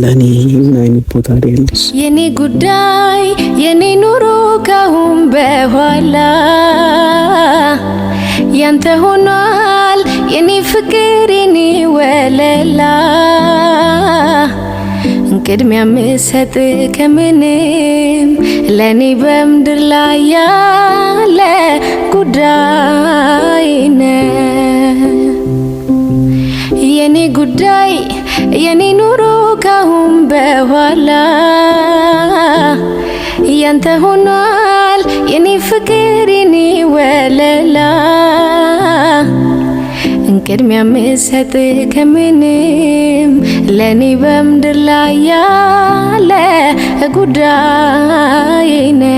ለኔ አይነት ቦታ ያለሽ የኔ ጉዳይ የኔ ኑሮ ካሁን በኋላ ያንተ ሆኗል። የኔ ፍቅር የኔ ወለላ ቅድሚያ ምሰጥ ከምንም ለኔ በምድር ላይ ያለ ጉዳይ ነው። የኔ ጉዳይ የኔ ኑሮ ካሁን በኋላ ያንተ ሆኗል የኔ ፍቅር የኔ ወለላ እንቅድሚያ ምሰጥ ከምንም ለኔ በምድር ላይ ያለ ጉዳይ ነ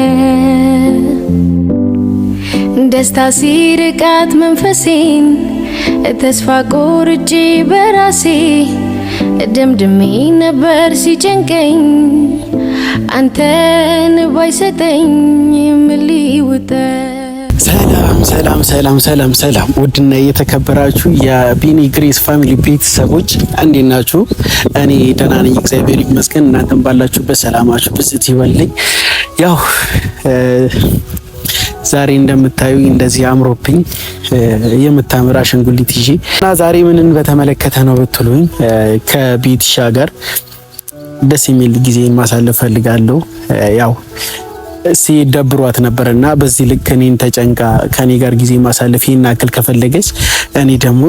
ደስታ ሲርቃት መንፈሴን ተስፋ ቆርጬ በራሴ ደምድሜ ነበር ሲጨንቀኝ አንተን ባይሰጠኝ ምልውጠ ሰላም ሰላም ሰላም ሰላም ሰላም ውድና የተከበራችሁ የቢኒ ግሬስ ፋሚሊ ቤተሰቦች እንዴት ናችሁ? እኔ ደህና ነኝ፣ እግዚአብሔር ይመስገን። እናንተም ባላችሁበት ሰላማችሁ ብስት ይበልኝ። ያው ዛሬ እንደምታዩ እንደዚህ አምሮብኝ የምታምር አሻንጉሊት ይዤ እና ዛሬ ምንን በተመለከተ ነው ብትሉኝ ከቤትሻ ጋር ደስ የሚል ጊዜን ማሳለፍ ፈልጋለሁ። ያው ሲደብሯት ነበር እና በዚህ ልክ እኔን ተጨንቃ ከኔ ጋር ጊዜ ማሳለፍ ይህን አክል ከፈለገች እኔ ደግሞ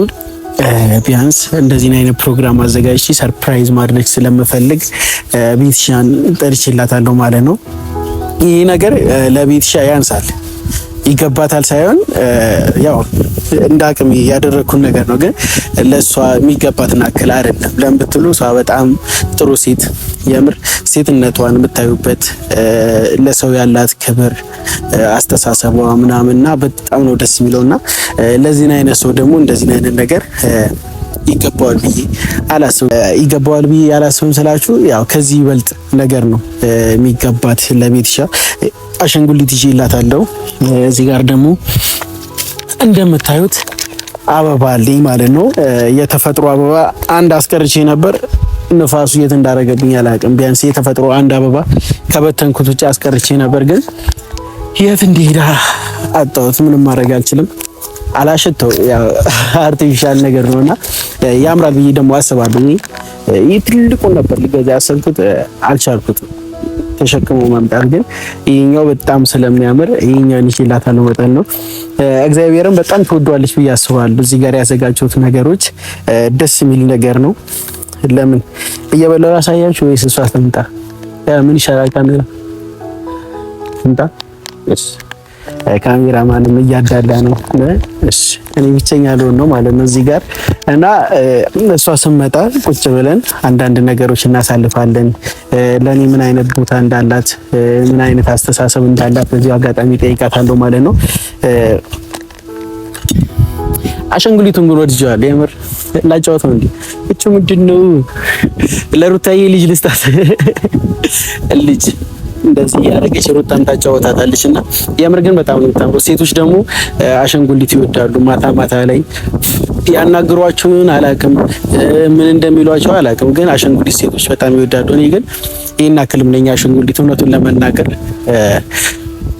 ቢያንስ እንደዚህን አይነት ፕሮግራም አዘጋጅቼ ሰርፕራይዝ ማድረግ ስለምፈልግ ቤትሻን ጠርችላታለሁ ማለት ነው። ይህ ነገር ለቤትሻ ያንሳል ይገባታል ሳይሆን ያው እንደ አቅም ያደረግኩን ነገር ነው። ግን ለእሷ የሚገባትን አክል አይደለም። ለምን ብትሉ እሷ በጣም ጥሩ ሴት የምር ሴትነቷን የምታዩበት ለሰው ያላት ክብር፣ አስተሳሰቧ ምናምንና በጣም ነው ደስ የሚለው እና ለዚህን አይነት ሰው ደግሞ እንደዚህን አይነት ነገር ይገባዋል ብዬ አላስብም። ይገባዋል ብዬ አላስብም ስላችሁ ያው ከዚህ ይበልጥ ነገር ነው የሚገባት ለቤትሻ አሸንጉሊት ይዤ እዚህ ጋር ደግሞ እንደምታዩት አበባ አለኝ ማለት ነው። የተፈጥሮ አበባ አንድ አስቀርቼ ነበር። ንፋሱ የት እንዳደረገብኝ አላውቅም። ቢያንስ የተፈጥሮ አንድ አበባ ከበተንኩት ውጭ አስቀርቼ ነበር፣ ግን የት እንደሄደ አጣሁት። ምንም ማድረግ አልችልም። አላሸተው አርቲፊሻል ነገር ነውና ያምራል ብዬ ደግሞ አስባለሁ። ይህ ነበር ልገዛ ያሰብኩት፣ አልቻልኩትም። ተሸክሞ መምጣት ግን ይህኛው በጣም ስለሚያምር ይህኛው ይዤላታለሁ መጠን ነው። እግዚአብሔርም በጣም ትወዷለች ብዬ አስባለሁ። እዚህ ጋር ያዘጋጀሁት ነገሮች ደስ የሚል ነገር ነው። ለምን እየበላው ያሳያችሁ ወይስ እሷ ትምጣ? ምን ይሻላል? ካሜራ ትምጣ? ካሜራ ማንም እያዳላ ነው። እሺ እኔ ብቸኛ ልሆን ነው ማለት ነው እዚህ ጋር እና እሷ ስመጣ ቁጭ ብለን አንዳንድ ነገሮች እናሳልፋለን። ለእኔ ምን አይነት ቦታ እንዳላት፣ ምን አይነት አስተሳሰብ እንዳላት በዚህ አጋጣሚ ጠይቃታለሁ ማለት ነው። አሸንጉሊቱን ብሎ ወድጀዋል። የምር ላጫወት ነው እንዴ? እቺ ምንድን ነው ለሩታዬ ልጅ ልስጣት ልጅ እንደዚህ እያደረገች ሩታን ታጫወታታለች። እና የምር ግን በጣም ነው የምታምረው። ሴቶች ደግሞ አሸንጉሊት ይወዳሉ። ማታ ማታ ላይ ያናግሯቸውን አላቅም፣ ምን እንደሚሏቸው አላቅም፣ ግን አሸንጉሊት ሴቶች በጣም ይወዳሉ። እኔ ግን ይህን አክልም ነኝ አሸንጉሊት። እውነቱን ለመናገር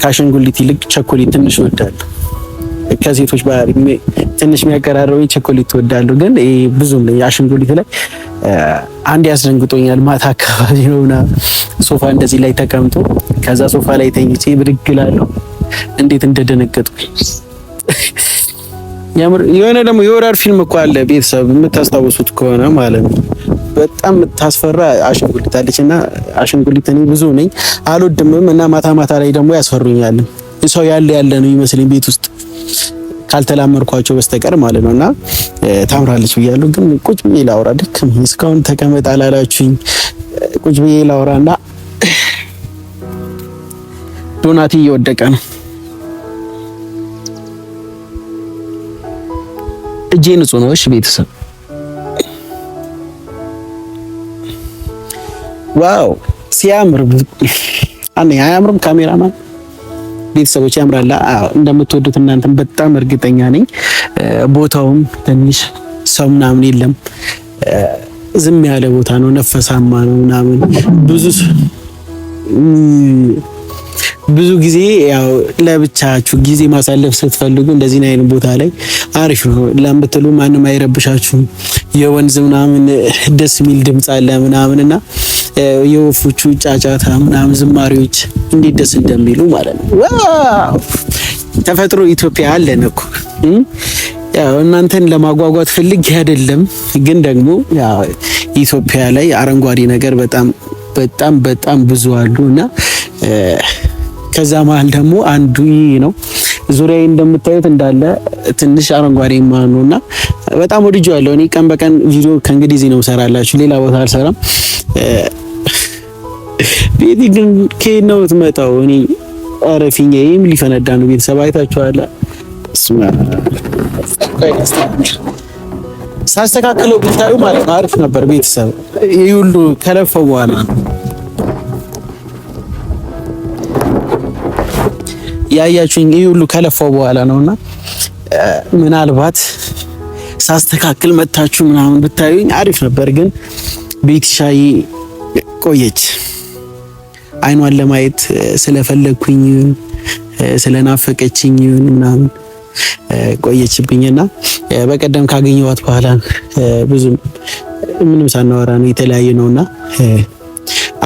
ከአሸንጉሊት ይልቅ ቸኮሌት ትንሽ ይወዳሉ። ከሴቶች ባህሪ ትንሽ የሚያቀራረበኝ ቸኮሌት እወዳለሁ፣ ግን ብዙም አሸንጉሊት ላይ አንድ ያስደንግጦኛል። ማታ አካባቢ ነው ምናምን ሶፋ እንደዚህ ላይ ተቀምጦ ከዛ ሶፋ ላይ ተኝቼ ብድግ እላለሁ። እንዴት እንደደነገጥኩ ያምር። የሆነ ደግሞ የወራር ፊልም እኮ አለ ቤተሰብ የምታስታውሱት ከሆነ ማለት ነው። በጣም የምታስፈራ አሽንጉሊት አለች እና አሽንጉሊት እኔ ብዙ ነኝ አልወድምም እና ማታ ማታ ላይ ደግሞ ያስፈሩኛል። ሰው ያለ ያለ ነው ይመስለኝ ቤት ውስጥ ካልተላመርኳቸው በስተቀር ማለት ነው። እና ታምራለች ብያለሁ፣ ግን ቁጭ ብዬ ላውራ ደከመኝ። እስካሁን ተቀመጥ አላላችሁኝ። ቁጭ ብዬ ላውራ እና ዶናቲ እየወደቀ ነው። እጄ ንጹህ ነው። እሺ ቤተሰብ ዋው ሲያምር! አንዴ አያምርም? ካሜራማን ቤተሰቦች ያምራል። እንደምትወዱት እናንተም በጣም እርግጠኛ ነኝ። ቦታውም ትንሽ ሰው ምናምን የለም፣ ዝም ያለ ቦታ ነው፣ ነፈሳማ ነው ምናምን ብዙ ብዙ ጊዜ ያው ለብቻችሁ ጊዜ ማሳለፍ ስትፈልጉ እንደዚህ አይነት ቦታ ላይ አሪፍ ነው ለምትሉ ማንም አይረብሻችሁ የወንዝ ምናምን ደስ የሚል ድምጽ አለ ምናምን እና የወፎቹ ጫጫታ ምናምን ዝማሬዎች እንዴት ደስ እንደሚሉ ማለት ነው። ዋው ተፈጥሮ ኢትዮጵያ አለን እኮ ያው እናንተን ለማጓጓት ፈልግ አይደለም፣ ግን ደግሞ ያው ኢትዮጵያ ላይ አረንጓዴ ነገር በጣም በጣም በጣም ብዙ አሉ እና ከዛ መሀል ደግሞ አንዱ ነው። ዙሪያ እንደምታዩት እንዳለ ትንሽ አረንጓዴ ማኑ እና በጣም ያለው እኔ ቀን በቀን ቪዲዮ ከእንግዲህ እዚህ ነው ሰራላችሁ፣ ሌላ ቦታ አልሰራም። ቤቲ ግን ከየት ነው የምትመጣው? እኔ ኧረ ፊኛዬም ሊፈነዳ ነው። ቤተሰብ አይታችኋል። ሳስተካክለው ብታዩ ማለት ነው አሪፍ ነበር። ቤተሰብ ይህ ሁሉ ከለፈው በኋላ ነው ያያችሁኝ ይህ ሁሉ ከለፋው በኋላ ነውና ምናልባት ሳስተካክል መታችሁ ምናምን ብታዩኝ አሪፍ ነበር፣ ግን ቤትሻይ ቆየች። አይኗን ለማየት ስለፈለግኩኝ ስለናፈቀችኝ ምናምን ቆየችብኝና በቀደም ካገኘዋት በኋላ ብዙም ምንም ሳናወራ ነው የተለያየ ነውና፣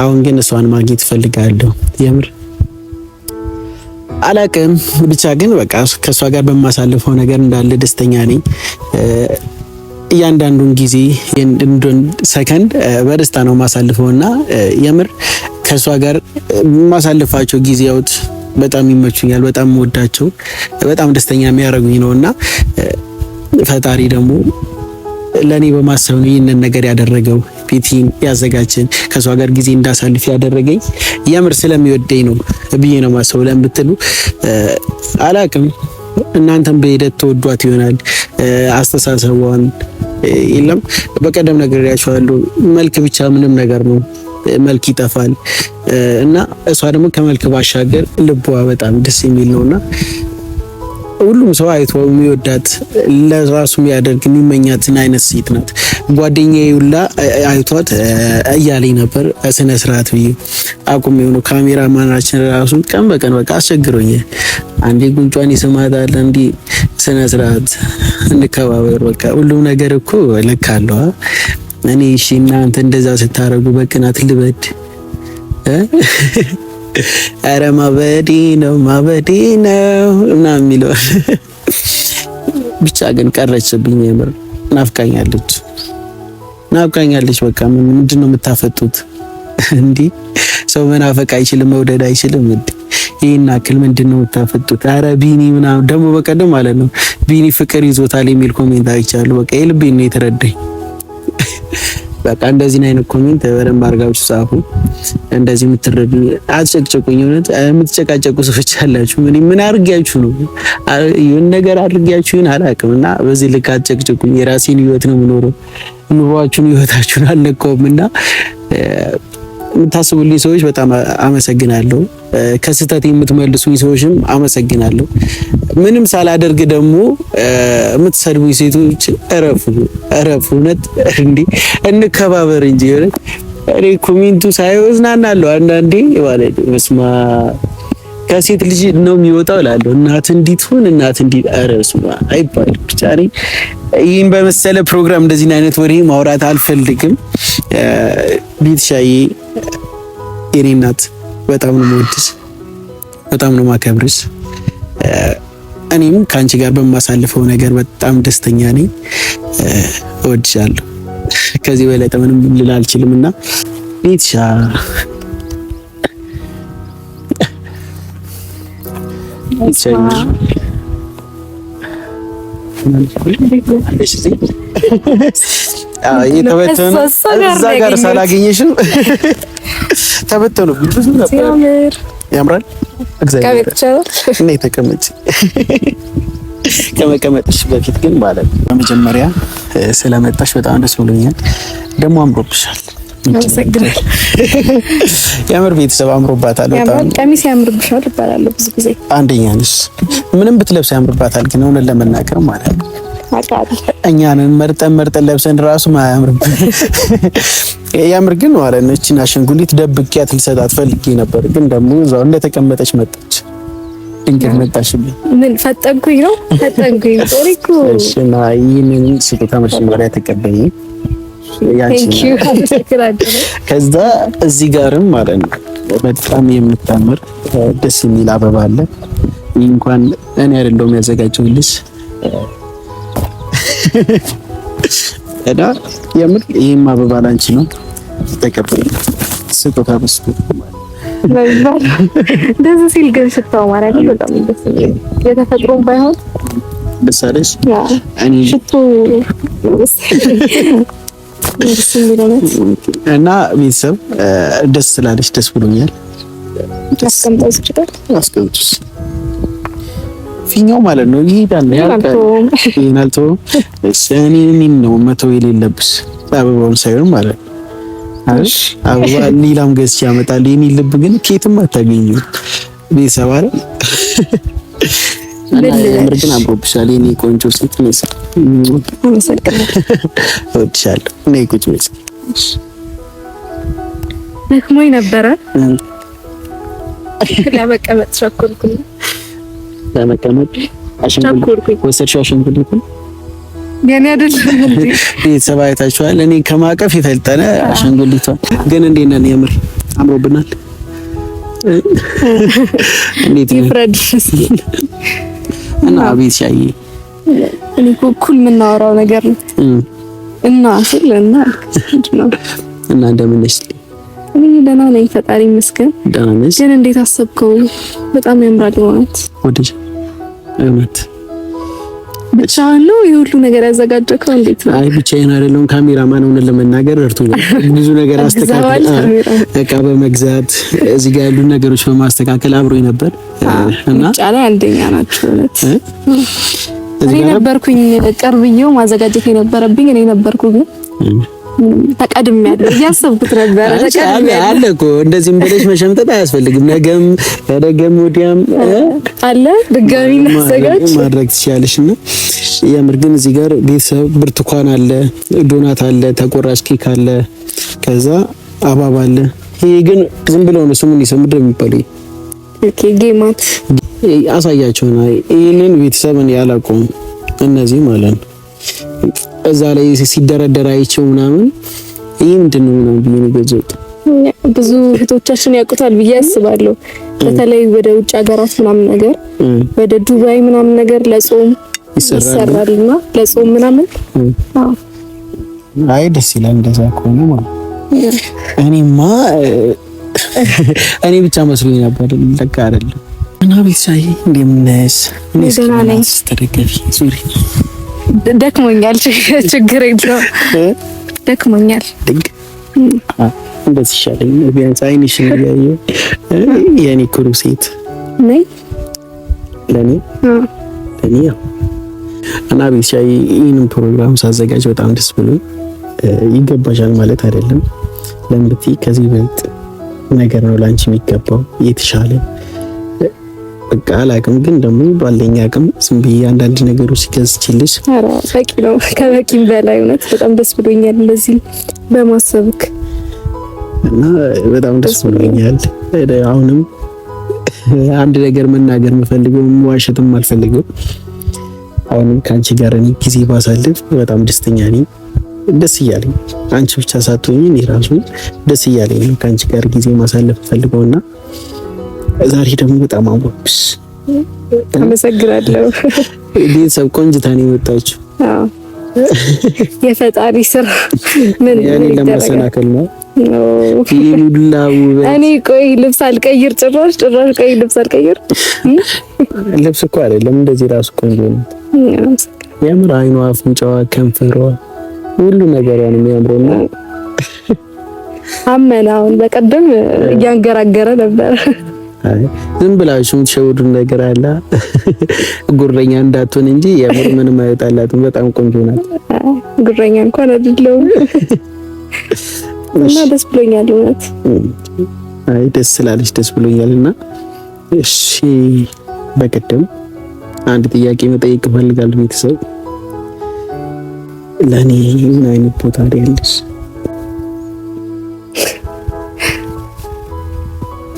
አሁን ግን እሷን ማግኘት እፈልጋለሁ የምር አላቅም ብቻ ግን በቃ ከእሷ ጋር በማሳልፈው ነገር እንዳለ ደስተኛ ነኝ። እያንዳንዱን ጊዜ እንዱን ሰከንድ በደስታ ነው ማሳልፈው እና የምር ከእሷ ጋር የማሳልፋቸው ጊዜያት በጣም ይመቹኛል። በጣም ወዳቸው፣ በጣም ደስተኛ የሚያደርጉኝ ነው እና ፈጣሪ ደግሞ ለእኔ በማሰብ ነው ይህንን ነገር ያደረገው ቤቴን ያዘጋጀን ከእሷ ጋር ጊዜ እንዳሳልፍ ያደረገኝ የምር ስለሚወደኝ ነው ብዬ ነው ማሰው ለምትሉ አላቅም። እናንተም በሂደት ተወዷት ይሆናል አስተሳሰቧን የለም በቀደም ነገር ያቸዋለሁ። መልክ ብቻ ምንም ነገር ነው፣ መልክ ይጠፋል እና እሷ ደግሞ ከመልክ ባሻገር ልቧ በጣም ደስ የሚል ነውና ሁሉም ሰው አይቶ የሚወዳት ለራሱ የሚያደርግ የሚመኛትን አይነት ሴት ናት። ጓደኛ ሁላ አይቷት እያለኝ ነበር ስነ ስርዓት ብዬ አቁም የሆኑ ካሜራ ማናችን ራሱ ቀን በቀን በቃ አስቸግሮኝ፣ አንዴ ጉንጯን ይስማታል፣ እንዲ ስነ ስርዓት እንከባበር፣ በቃ ሁሉም ነገር እኮ ልክ እኔ እሺ እናንተ እንደዛ ስታረጉ በቅናት ልበድ ኧረ ማበዴ ነው ማበዴ ነው እና የሚለው ብቻ ግን ቀረችብኝ። የምር ናፍቃኛለች ናፍቃኛለች። በቃ ምንድን ነው የምታፈጡት? እንዲህ ሰው መናፈቅ አይችልም፣ መውደድ አይችልም። እንዲ ይህን አክል ምንድን ነው የምታፈጡት? አረ ቢኒ ምናምን ደግሞ በቀደም ማለት ነው ቢኒ ፍቅር ይዞታል የሚል ኮሜንት አይቻሉ። በቃ የልቤን ነው የተረዳኝ። በቃ እንደዚህ አይነት ኮሜንት በደንብ አድርጋችሁ ጻፉ። እንደዚህ የምትረዱ አትጨቅጨቁኝ። እውነት የምትጨቃጨቁ ሰዎች አላችሁ። ምን ምን አድርጊያችሁ ነው? ይሁን ነገር አድርጊያችሁን አላውቅም እና በዚህ ልክ አትጨቅጨቁኝ። የራሴን ህይወት ነው የምኖረው። ኑሯችሁን ህይወታችሁን አልነካውም እና የምታስቡልኝ ሰዎች በጣም አመሰግናለሁ። ከስህተት የምትመልሱኝ ሰዎችም አመሰግናለሁ። ምንም ሳላደርግ ደግሞ የምትሰድቡኝ ሴቶች እረፉ፣ እረፉ። እውነት እንዲ እንከባበር እንጂ እኔ ኮሜንቱ ሳይወዝናናለሁ አንዳንዴ ማለት መስማ ከሴት ልጅ ነው የሚወጣው እላለሁ። እናት እንዲት ሁን እናት እንዲት አረሱ አይባል ብቻ ይህን በመሰለ ፕሮግራም እንደዚህ አይነት ወሬ ማውራት አልፈልግም። ቤትሻዬ የኔ እናት በጣም ነው የምወድሽ፣ በጣም ነው ማከብርስ። እኔም ከአንቺ ጋር በማሳልፈው ነገር በጣም ደስተኛ ነኝ። እወድሻለሁ። ከዚህ በላይ ምንም ልል አልችልም እና ቤትሻ እዛ ጋር ሳላገኘሽም ተበተኑ ብዙ ነበር። ያምራል። እግዚአብሔር ከመቀመጥሽ በፊት ግን ማለት በመጀመሪያ ስለመጣሽ በጣም ደስ ብሎኛል። ደግሞ አምሮብሻል። የምር ቤተሰብ አምሮባታል። በጣም ቀሚስ ያምርብሻል ይባላል ብዙ ጊዜ አንደኛ ነሽ። ምንም ብትለብስ ያምርባታል፣ ግን እውነት ለመናገር ማለት ነው እኛንን መርጠን መርጠን ለብሰን ራሱ ማያምርብን ያምር ግን ማለት ነው። እቺን አሻንጉሊት ደብቄያት ልሰጣት ፈልጌ ነበር፣ ግን ደግሞ እዛው እንደተቀመጠች መጣች። ድንገት መጣሽብኝ። ምን ፈጠንኩኝ ነው ፈጠንኩኝ። ጦሪኩ እሺ ና ይህንን ስጦታ መጀመሪያ ተቀበኝ ከዛ እዚህ ጋርም ማለት ነው በጣም የምታምር ደስ የሚል አበባ አለ። ይህ እንኳን እኔ አይደለሁም ያዘጋጀሁልሽ እና የምር ይህም አበባ ላንቺ ነው። ተቀበል ስጦታ በስጡ ደስ ሲል ግን ሽታው ማለት ነው በጣም ደስ ይላል። የተፈጥሮም ባይሆን ደስ አለሽ እኔ ሽቶ እና ቤተሰብ ደስ ስላለች ደስ ብሎኛል። ፊኛው ማለት ነው ይሄዳል። ይሄን አልተወውም እኔ እኔን ነው መተው የሌለብሽ አበባውን ሳይሆን ማለት ነው። እሺ አበባ ሌላም ገዝቼ ያመጣል። የኔ ልብ ግን ኬትም አታገኙ ቤተሰብ አይደል ምር ግን አምሮብሻል የኔ ቆንጆ ሴት ሜስ እወድሻለሁ። እኔ ቁጭ ሜስ ደክሞኝ ነበረ ለመቀመጥ ቸኮልኩኝ። ለመቀመጥ አሽንኩልኩኝ ወሰድሽው አሽንኩልኩኝ የኔ አይደለም ቤተሰብ አይታችኋል። እኔ ከማቀፍ የፈጠነ አሻንጉሊቷል። ግን እንዴት ነን? የምር አምሮብናል። እንዴት ይፍረድ። እና አቤት ሻይ እኔ እኮ እኩል የምናወራው ነገር እና ስል እና እና እንደምን ነሽ? እኔ ደህና ነኝ፣ ፈጣሪ ይመስገን። ደህና ነሽ? ግን እንዴት አሰብከው? በጣም ያምራል ማለት ወደሽ እውነት ብቻሉ የሁሉ ነገር ያዘጋጀከው? እንዴት ነው? አይ ብቻዬን አይደለሁም። ካሜራማን ሆነን ለመናገር እርቶኛል። ብዙ ነገር አስተካክል፣ እቃ በመግዛት እዚህ ጋር ያሉ ነገሮች በማስተካከል አብሮኝ ነበር እና ጫላ አንደኛ ናቸው እኔ ነበርኩኝ ቀርብዬው ማዘጋጀት የነበረብኝ እኔ ነበርኩ ግን ተቀድሜያለሁ እያሰብኩት ነበረ። ተቀድሜያለሁ አለ እኮ እንደዚህም ብለሽ መሸምጠጥ አያስፈልግም። ነገም ነገም ወዲያም አለ ድጋሚ እናዘጋጅ ማድረግ ትችያለሽ። እና የምር ግን እዚህ ጋር ቤተሰብ ብርቱካን አለ፣ ዶናት አለ፣ ተቆራጭ ኬክ አለ፣ ከዛ አባባ አለ። ይሄ ግን ዝም ብለው ነው ስሙን ይሰ ምድር የሚባለው ኦኬ። ጌማት አሳያቸው ነው። ይህንን ቤተሰብ እኔ እነዚህ ማለት ነው እዛ ላይ ሲደረደር አይቼው ምናምን ይህ ምንድን ነው ምናምን ብዬ ነው ብዙ እህቶቻችን ያውቁታል ብዬ አስባለሁ። በተለይ ወደ ውጭ ሀገራት ምናምን ነገር ወደ ዱባይ ምናምን ነገር ለጾም ይሰራልና ለጾም ምናምን አይ ደስ ይላል። እንደዛ ከሆነ ማለት እኔማ እኔ ብቻ መስሎኝ ነበር። ለካ አይደለም እና ቤተሰብ እንደምን ነሽ? ተደገፊ ሱሪ ደክሞኛል። ችግር የለውም ደክሞኛል። እንደዚህ ይሻለኝ። ቢያንስ አይንሽን እያየሁ የኔ ኩሩ ሴት ነይ ለኔ ለኔ እና ቤት ይህንን ፕሮግራም ሳዘጋጅ በጣም ደስ ብሎ ይገባሻል ማለት አይደለም። ለምብቲ ከዚህ በልጥ ነገር ነው ላንቺ የሚገባው የተሻለ በቃ አላቅም፣ ግን ደግሞ ባለኝ አቅም ዝም ብዬ አንዳንድ ነገሮች ሲገዝችልሽ በቂ ነው። ከበቂም በላይ እውነት በጣም ደስ ብሎኛል እንደዚህ በማሰብክ እና በጣም ደስ ብሎኛል። አሁንም አንድ ነገር መናገር የምፈልገው መዋሸትም አልፈልገው። አሁንም ከአንቺ ጋር እኔ ጊዜ ባሳልፍ በጣም ደስተኛ ነኝ። ደስ እያለኝ አንቺ ብቻ ሳትሆኝ እኔ ራሱ ደስ እያለኝ ነው ከአንቺ ጋር ጊዜ ማሳለፍ ፈልገው እና ዛሬ ደግሞ በጣም አወቅሽ። አመሰግናለሁ። ቤተሰብ ቆንጅታ ነው የወጣችው። የፈጣሪ ስራ ምን ለማሰናከል ነው? እኔ ቆይ ልብስ አልቀይር፣ ጭራሽ ጭራሽ ቆይ ልብስ አልቀይር። ልብስ እኮ አይደለም እንደዚህ ራሱ ቆንጆ ነው። የምር አይኗ፣ አፍንጫዋ፣ ከንፈሯ ሁሉ ነገሯ ነው የሚያምረው። እና አመን አሁን በቀደም እያንገራገረ ነበር ዝም ብላችሁ የምትሸውዱ ነገር አለ። ጉረኛ እንዳትሆን እንጂ የምር ምንም አይወጣላትም። በጣም ቆንጆ ናት። ጉረኛ እንኳን አይደለሁም እና ደስ ብሎኛል። እውነት አይ ደስ ስላለች ደስ ብሎኛል። እና እሺ በቀደም አንድ ጥያቄ መጠየቅ እፈልጋለሁ። ቤተሰብ ለእኔ ምን አይነት ቦታ ያለች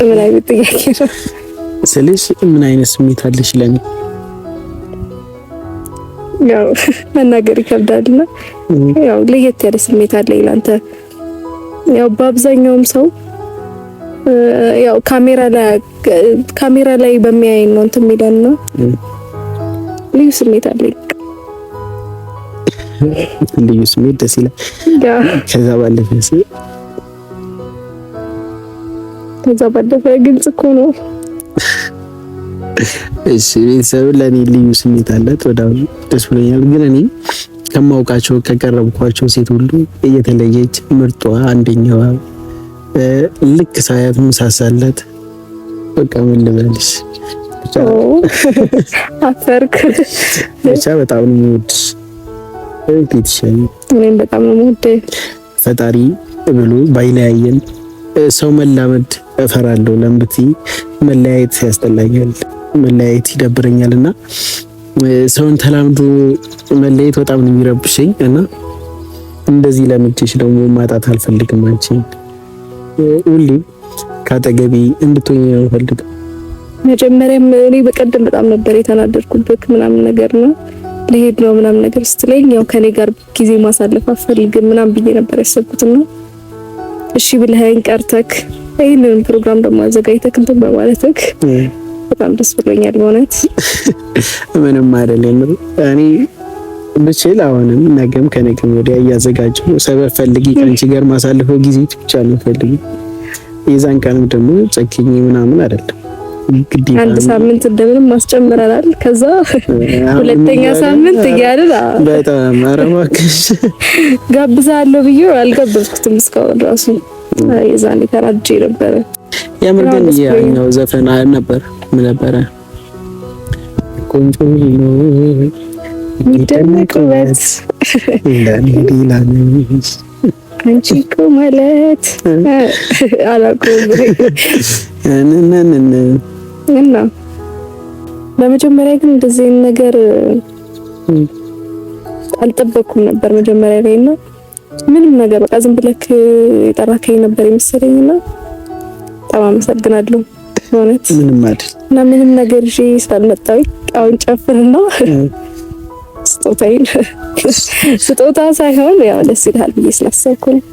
ምን አይነት ጥያቄ ነው ስልሽ፣ ምን አይነት ስሜት አለሽ ለኔ? ያው መናገር ይከብዳልና ያው ለየት ያለ ስሜት አለኝ ላንተ። ያው በአብዛኛውም ሰው ያው ካሜራ ላይ ካሜራ ላይ በሚያየን ነው እንትን የሚለን ነው። ልዩ ስሜት አለኝ። ልዩ ስሜት ደስ ይላል። ከዛ ባለፈ ከዛ ባለፈ ግልጽ እኮ ነው። እሺ ቤተሰብ ለእኔ ልዩ ስሜት አላት። ወዳው ደስ ብሎኛል። ግን እኔ ከማውቃቸው ከቀረብኳቸው ሴት ሁሉ እየተለየች ምርጧ፣ አንደኛዋ ልክ ሳያት ምሳሳለት በቃ ምን ልበልሽ አፈርክ ብቻ በጣም ነው የምወድሽ። እኔም በጣም ነው የምወድሽ። ፈጣሪ ብሎ ባይለያየን ሰው መላመድ እፈራለሁ ለምብቲ መለያየት ያስጠላኛል፣ መለያየት ይደብረኛል እና ሰውን ተላምዶ መለየት በጣም ነው የሚረብሸኝ እና እንደዚህ ለምጄሽ ደግሞ ማጣት አልፈልግም። አንቺን ሁሌ ከአጠገቢ እንድትሆኝ ነው እፈልጋለሁ። መጀመሪያም እኔ በቀደም በጣም ነበር የተናደድኩበት ምናምን ነገር ነው ልሄድ ነው ምናምን ነገር ስትለኝ ያው ከኔ ጋር ጊዜ ማሳለፍ አልፈልግም ምናምን ብዬ ነበር ያሰብኩት ነው እሺ ብለኸኝ ቀርተክ ይህንን ፕሮግራም ደግሞ አዘጋጅተክ እንትን በማለትክ በጣም ደስ ብሎኛል። በእውነት ምንም አይደለም። እኔ ብችል አሁንም ነገም ከነገም ወዲያ እያዘጋጀሁ ነው። ሰበብ ፈልጊ ከአንቺ ጋር ማሳልፈው ጊዜ ብቻ ነው ፈልጊ። የዛን ቀንም ደግሞ ጨክኜ ምናምን አይደለም አንድ ሳምንት እንደምንም ማስጨምረናል። ከዛ ሁለተኛ ሳምንት እያልን በጣም ኧረ እባክሽ ጋብዛለሁ ብዬ አልጋበዝኩትም እስካሁን ራሱ የዛኔ ተናድጄ ነበረ። የምር ግን ያኛው ዘፈን አይ ነበር ምን ነበረ ቆንጆ ነው የሚደነቅበት እንዳንዲላ አንቺ እኮ ማለት አላውቅም እና በመጀመሪያ ግን እንደዚህ ነገር አልጠበቅኩም ነበር መጀመሪያ ላይ እና ምንም ነገር በቃ ዝም ብለክ የጠራከኝ ነበር የመሰለኝና በጣም አመሰግናለሁ። እውነት ምንም አይደል እና ምንም ነገር እሺ ስላልመጣሁ አሁን ጨፍርና ስጦታዬን ስጦታ ሳይሆን ያው ደስ ይልሃል ብዬ ስላሰብኩ ነው።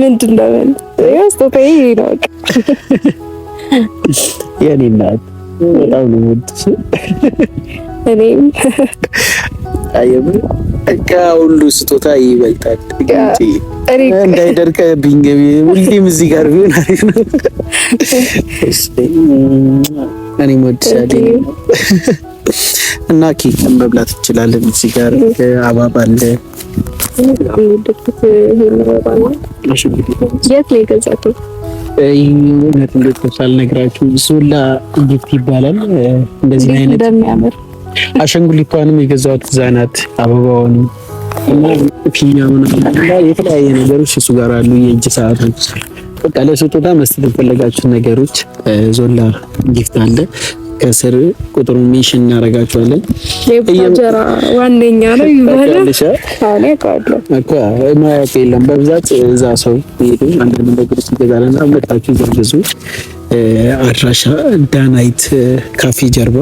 ምንድን ነው ስጦታዬ? ነው የኔ እናት በጣም ነው የምወድሽ። እኔም በቃ ሁሉ ስጦታ ይበልጣል። እንዳይደርቀብኝ ገቢ ሁሌም እዚህ ጋር ቢሆን አሪፍ ነው። እኔም ወድሻለሁ እና ኬክን መብላት እንችላለን። እዚህ ጋር አበባ አለ። ነው እውነት እንዴት ነው ሳልነግራችሁ፣ ሶላ ጊፍት ይባላል። እንደዚህ አይነት አሸንጉሊቷንም እዛ ናት። ፊኛውን የተለያየ ነገሮች እሱ ጋር አሉ። የእጅ ሰዓቶች፣ በቃ ለስጦታ መስጠት የፈለጋችሁት ነገሮች ዞላ ጊፍት አለ። ከስር ቁጥሩ ሚሽን እናደርጋቸዋለን። ቡታጀራ ዋነኛ ነው ይባላል እኮ ማወቅ የለም በብዛት እዛ ሰው ይሄዱ አንዳንድ ነገሮች ይገዛልና መጣችሁ ይዘዙ። አድራሻ ዳናይት ካፌ ጀርባ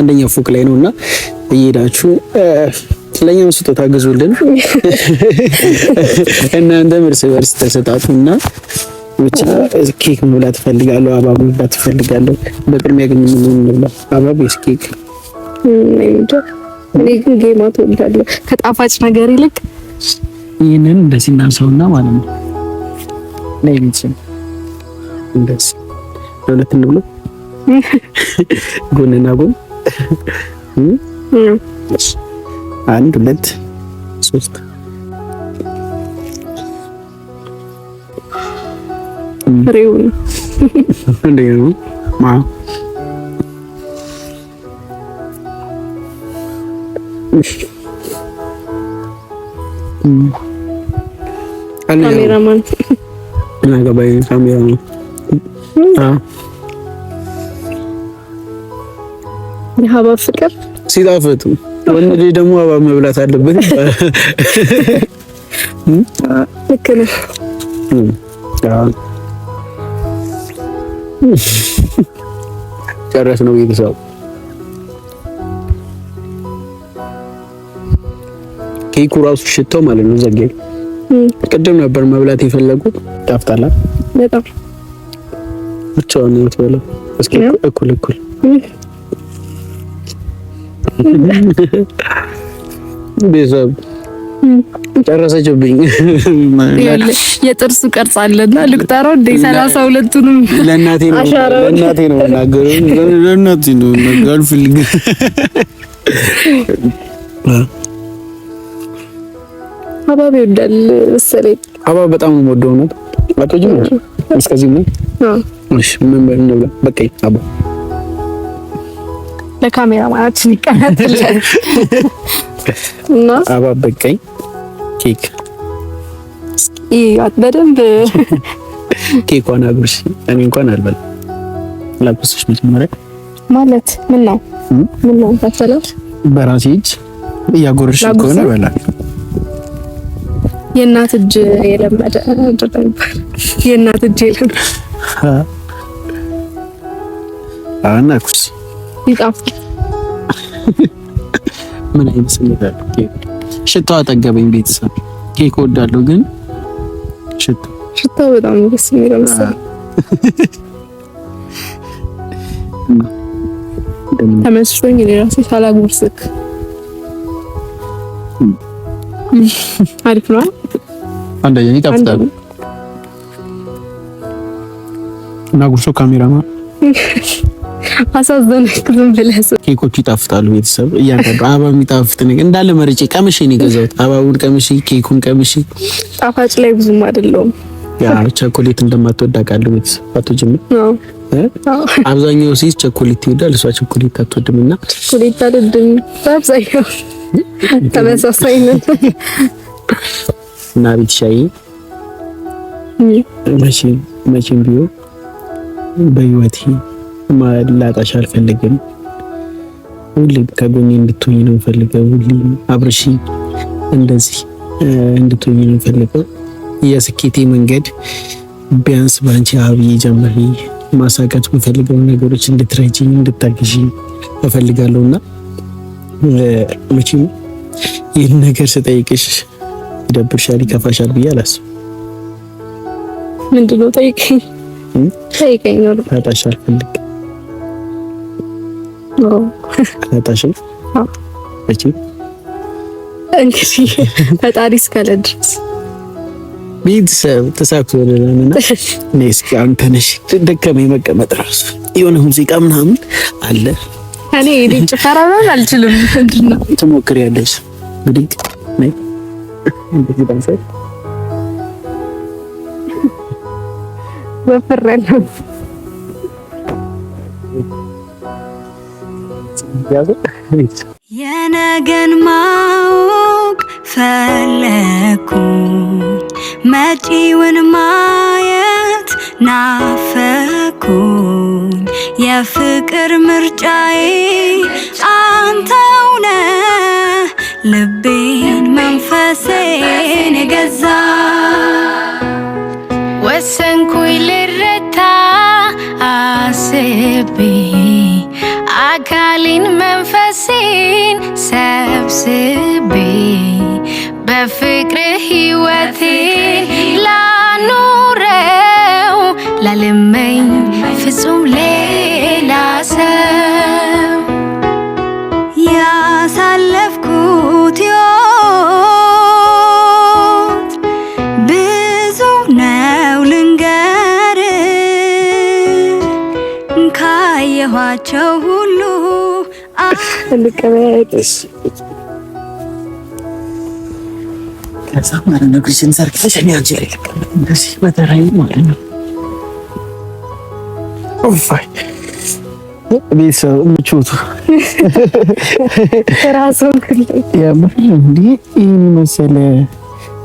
አንደኛው ፎቅ ላይ ነው እና እየሄዳችሁ ለኛም ስጦታ ግዙልን። እናንተም እርስ በርስ እና ብቻ ኬክ መብላት እፈልጋለሁ። አባብ መብላት እፈልጋለሁ። በቅድሚያ ግን ምን እንብላ? አባብ ወይስ ኬክ? እኔ ግን ጌማ ትወዳለሁ ከጣፋጭ ነገር ይልቅ። ይህንን እንደዚህ እናንሳውና ማለት ነው። ነይ ቤተሰብ እንደዚህ ለሁለት እንብሎ ጎንና ጎን። አንድ ሁለት ሶስት ፍሬውን እንደ ማ ካሜራማን እና ገባይ ካሜራማን የሀባብ ፍቅር ሲጣፍጥ ወንድ ልጅ ደግሞ ሀባብ መብላት አለበት። ልክ ነው። ጨረስ ነው ቤተሰብ። ኬኩ ራሱ ሽታው ማለት ነው ዘጌ። ቅድም ነበር መብላት የፈለጉት ጣፍጣላል በጣም ብቻውን ነው የምትበላው። እስኪ እኩል እኩል ቤተሰብ ጨረሰችብኝ። የጥርሱ ቅርጽ አለና ልቁጠረው እንደ ሰላሳ ሁለቱንም ለእናቴ ነው ለእናቴ ነው የምናገረው ለእናቴ ነው የምናገረው አልፈልግም። ይወዳል መሰለኝ። በጣም ነው የምወደው። እውነት አትወጂም? እስከዚህ ምን እሺ፣ ምን እንብላ? ለካሜራ ማለት እና በቃኝ። ኬክ ይያት በደንብ ኬኳን አጉርሽ። እኔ እንኳን አልበላም። ላኩስሽ መጀመሪያ ማለት ምን ነው ምን ነው ባትበላሽ በራሴ እጅ እያጎረሽ ከሆነ እበላለሁ። የእናት እጅ የለመደ የእናት እጅ የለመደ ኩስ ይጣፍ ምን አይነት ስሜት አለው? ሽታው አጠገበኝ። ቤተሰብ ኬክ ወዳለሁ፣ ግን ሽታው ሽታው በጣም ደስ የሚለው መሰለኝ። ተመስሎኝ እኔ እራሴ ሳላጎርስክ አሪፍ ነው። አንደኛ ይጣፍጣል እና ጉርሶ ካሜራማ አሳዘነ ዝም ብለህ ኬኮቹ ይጣፍጣሉ። ቤተሰብ እያንዳንዱ አበባ የሚጣፍጥ ነገር እንዳለ መርጬ ቀምሼ ነው የገዛሁት። አበባውን ቀምሼ ኬኩን ቀምሼ ጣፋጭ ላይ ብዙም አይደለሁም። ያ ቸኮሌት እንደማትወድ አውቃለሁ። ቤተሰብ አቶ ጅምር አብዛኛው ሴት ቸኮሌት ይወዳል፣ እሷ ቸኮሌት አትወድም እና ቸኮሌት አልወድም በአብዛኛው ተመሳሳይ ነን እና ቤተሻዬ መቼም መቼም ቢሆን በህይወቴ ማላጣሽ አልፈልግም። ሁሌም ከጎኔ እንድትሆኝ ነው ፈልገው። ሁሌም አብርሺ እንደዚህ እንድትሆኝ ነው ፈልገው። የስኬቴ መንገድ ቢያንስ በአንቺ አብዬ ጀምሬ ማሳካት የምፈልገው ነገሮች እንድትረጂ እንድታግዢ እፈልጋለሁ እና መቼም ይህን ነገር ስጠይቅሽ ይደብርሻል፣ ይከፋሻል ብዬ አላስብም። ምንድን ነው ጠይቀኝ፣ ጠይቀኝ። ላጣሽ አልፈልግም አጣሽ እቺ እንግዲህ ፈጣሪ እስካለ ድረስ ቤተሰብ ተሳክቶልናል እና እኔ እስኪ አሁን ትንሽ ደከመኝ መቀመጥ እራሱ የሆነ ሙዚቃ ምናምን አለ እኔ እኔ ጭፈራ ምናምን አልችልም ትሞክሪያለሽ እንግዲህ ወፍሬያለሁ የነገን ማወቅ ፈለኩ፣ መጪውን ማየት ናፈኩን! የፍቅር ምርጫዬ አንተውነ ልቤን መንፈሴን የገዛ ወሰንኩኝ ልረታ አስቤ አካሌን መንፈሴን ሰብስቤ በፍቅር ህይወቴን ላኑረው ላልመኝ ፍጹም እንቀበያየጥሽ ቤተሰብ ምቾቱ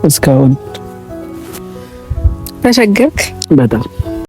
እስካሁን ተሸገርክ በጣም